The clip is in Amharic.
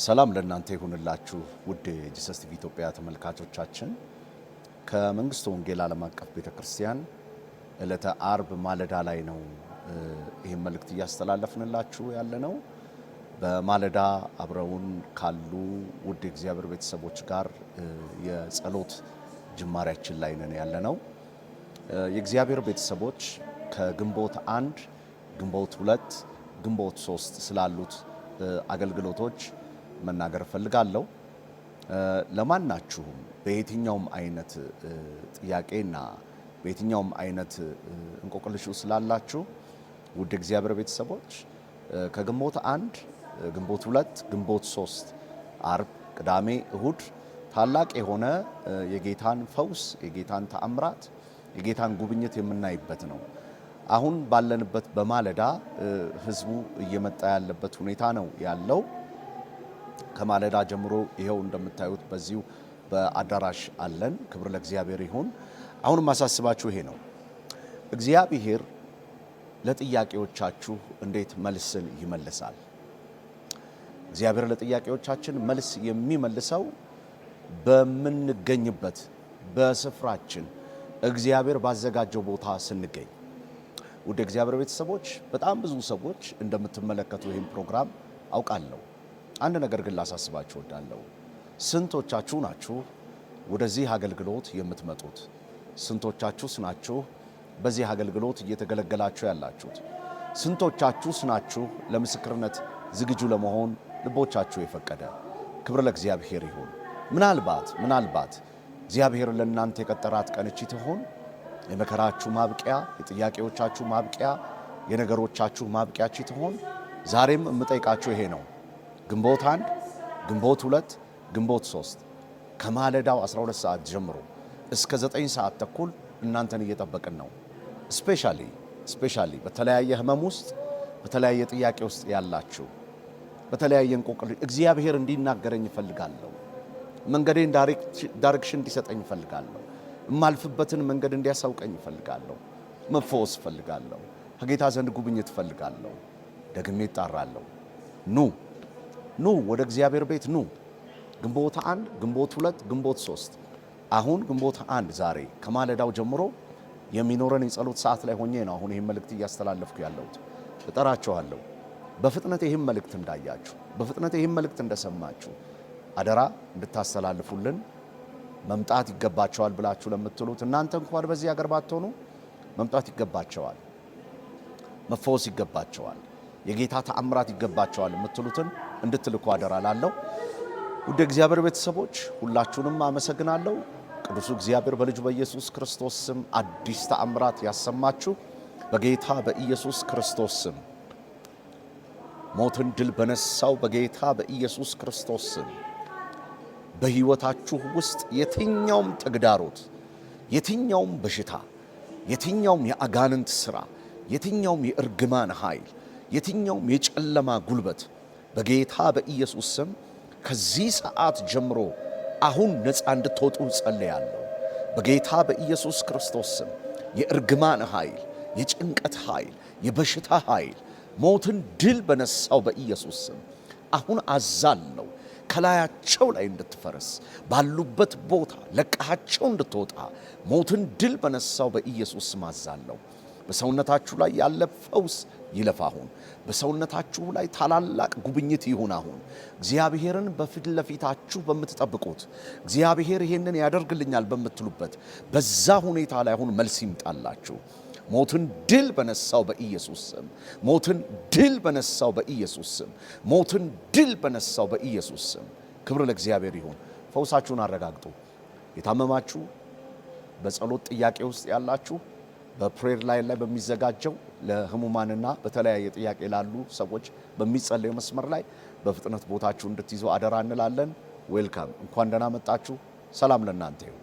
ሰላም ለእናንተ ይሁንላችሁ ውድ የጂሰስ ቲቪ ኢትዮጵያ ተመልካቾቻችን፣ ከመንግስቱ ወንጌል ዓለም አቀፍ ቤተ ክርስቲያን ዕለተ አርብ ማለዳ ላይ ነው ይህም መልእክት እያስተላለፍንላችሁ ያለ ነው። በማለዳ አብረውን ካሉ ውድ እግዚአብሔር ቤተሰቦች ጋር የጸሎት ጅማሬያችን ላይ ነን ያለ ነው። የእግዚአብሔር ቤተሰቦች ከግንቦት አንድ፣ ግንቦት ሁለት፣ ግንቦት ሶስት ስላሉት አገልግሎቶች መናገር እፈልጋለሁ። ለማናችሁም በየትኛውም አይነት ጥያቄና በየትኛውም አይነት እንቆቅልሽ ስላላችሁ ውድ እግዚአብሔር ቤተሰቦች ከግንቦት አንድ ግንቦት ሁለት ግንቦት ሶስት አርብ፣ ቅዳሜ፣ እሁድ ታላቅ የሆነ የጌታን ፈውስ፣ የጌታን ተአምራት፣ የጌታን ጉብኝት የምናይበት ነው። አሁን ባለንበት በማለዳ ህዝቡ እየመጣ ያለበት ሁኔታ ነው ያለው። ከማለዳ ጀምሮ ይኸው እንደምታዩት በዚሁ በአዳራሽ አለን። ክብር ለእግዚአብሔር ይሁን። አሁንም ማሳስባችሁ ይሄ ነው። እግዚአብሔር ለጥያቄዎቻችሁ እንዴት መልስን ይመልሳል? እግዚአብሔር ለጥያቄዎቻችን መልስ የሚመልሰው በምንገኝበት በስፍራችን እግዚአብሔር ባዘጋጀው ቦታ ስንገኝ። ውድ እግዚአብሔር ቤተሰቦች፣ በጣም ብዙ ሰዎች እንደምትመለከቱ ይህን ፕሮግራም አውቃለሁ። አንድ ነገር ግን ላሳስባችሁ እወዳለሁ። ስንቶቻችሁ ናችሁ ወደዚህ አገልግሎት የምትመጡት? ስንቶቻችሁስ ናችሁ በዚህ አገልግሎት እየተገለገላችሁ ያላችሁት? ስንቶቻችሁስ ናችሁ ለምስክርነት ዝግጁ ለመሆን ልቦቻችሁ የፈቀደ? ክብር ለእግዚአብሔር ይሁን። ምናልባት ምናልባት እግዚአብሔር ለእናንተ የቀጠራት ቀንቺ ትሆን? የመከራችሁ ማብቂያ፣ የጥያቄዎቻችሁ ማብቂያ፣ የነገሮቻችሁ ማብቂያች ትሆን? ዛሬም የምጠይቃችሁ ይሄ ነው። ግንቦት አንድ፣ ግንቦት ሁለት፣ ግንቦት ሶስት ከማለዳው 12 ሰዓት ጀምሮ እስከ 9 ሰዓት ተኩል እናንተን እየጠበቅን ነው። ስፔሻሊ ስፔሻሊ በተለያየ ህመም ውስጥ በተለያየ ጥያቄ ውስጥ ያላችሁ በተለያየ እንቆቅል እግዚአብሔር እንዲናገረኝ ይፈልጋለሁ መንገዴን ዳይሬክሽን እንዲሰጠኝ ፈልጋለሁ የማልፍበትን መንገድ እንዲያሳውቀኝ ይፈልጋለሁ መፈወስ እፈልጋለሁ። ከጌታ ዘንድ ጉብኝት ፈልጋለሁ ደግሜ ይጣራለሁ። ኑ ኑ ወደ እግዚአብሔር ቤት ኑ። ግንቦት አንድ፣ ግንቦት ሁለት፣ ግንቦት ሶስት። አሁን ግንቦት አንድ ዛሬ ከማለዳው ጀምሮ የሚኖረን የጸሎት ሰዓት ላይ ሆኜ ነው አሁን ይህን መልእክት እያስተላለፍኩ ያለሁት። እጠራችኋለሁ በፍጥነት ይህን መልእክት እንዳያችሁ፣ በፍጥነት ይህን መልእክት እንደሰማችሁ አደራ እንድታስተላልፉልን መምጣት ይገባቸዋል ብላችሁ ለምትሉት እናንተ እንኳን በዚህ ሀገር ባትሆኑ መምጣት ይገባቸዋል፣ መፈወስ ይገባቸዋል፣ የጌታ ተአምራት ይገባቸዋል የምትሉትን እንድትልኩ አደራላለሁ። ላለው ውድ እግዚአብሔር ቤተሰቦች ሁላችሁንም አመሰግናለሁ። ቅዱሱ እግዚአብሔር በልጁ በኢየሱስ ክርስቶስ ስም አዲስ ተአምራት ያሰማችሁ። በጌታ በኢየሱስ ክርስቶስ ስም ሞትን ድል በነሳው በጌታ በኢየሱስ ክርስቶስ ስም በሕይወታችሁ ውስጥ የትኛውም ተግዳሮት፣ የትኛውም በሽታ፣ የትኛውም የአጋንንት ሥራ፣ የትኛውም የእርግማን ኃይል፣ የትኛውም የጨለማ ጉልበት በጌታ በኢየሱስ ስም ከዚህ ሰዓት ጀምሮ አሁን ነፃ እንድትወጡ ጸልያለሁ። በጌታ በኢየሱስ ክርስቶስ ስም የእርግማን ኃይል፣ የጭንቀት ኃይል፣ የበሽታ ኃይል ሞትን ድል በነሳው በኢየሱስ ስም አሁን አዛለሁ ከላያቸው ላይ እንድትፈርስ ባሉበት ቦታ ለቀሃቸው እንድትወጣ ሞትን ድል በነሳው በኢየሱስ ስም አዛለሁ። በሰውነታችሁ ላይ ያለ ፈውስ ይለፍ አሁን። በሰውነታችሁ ላይ ታላላቅ ጉብኝት ይሁን አሁን። እግዚአብሔርን በፊት ለፊታችሁ በምትጠብቁት እግዚአብሔር ይሄንን ያደርግልኛል በምትሉበት በዛ ሁኔታ ላይ አሁን መልስ ይምጣላችሁ። ሞትን ድል በነሳው በኢየሱስ ስም፣ ሞትን ድል በነሳው በኢየሱስ ስም፣ ሞትን ድል በነሳው በኢየሱስ ስም። ክብር ለእግዚአብሔር ይሁን። ፈውሳችሁን አረጋግጡ። የታመማችሁ፣ በጸሎት ጥያቄ ውስጥ ያላችሁ በፕሬር ላይን ላይ በሚዘጋጀው ለህሙማንና በተለያየ ጥያቄ ላሉ ሰዎች በሚጸለዩ መስመር ላይ በፍጥነት ቦታችሁ እንድትይዙ አደራ እንላለን። ዌልካም፣ እንኳን ደህና መጣችሁ። ሰላም ለእናንተ ይሁን።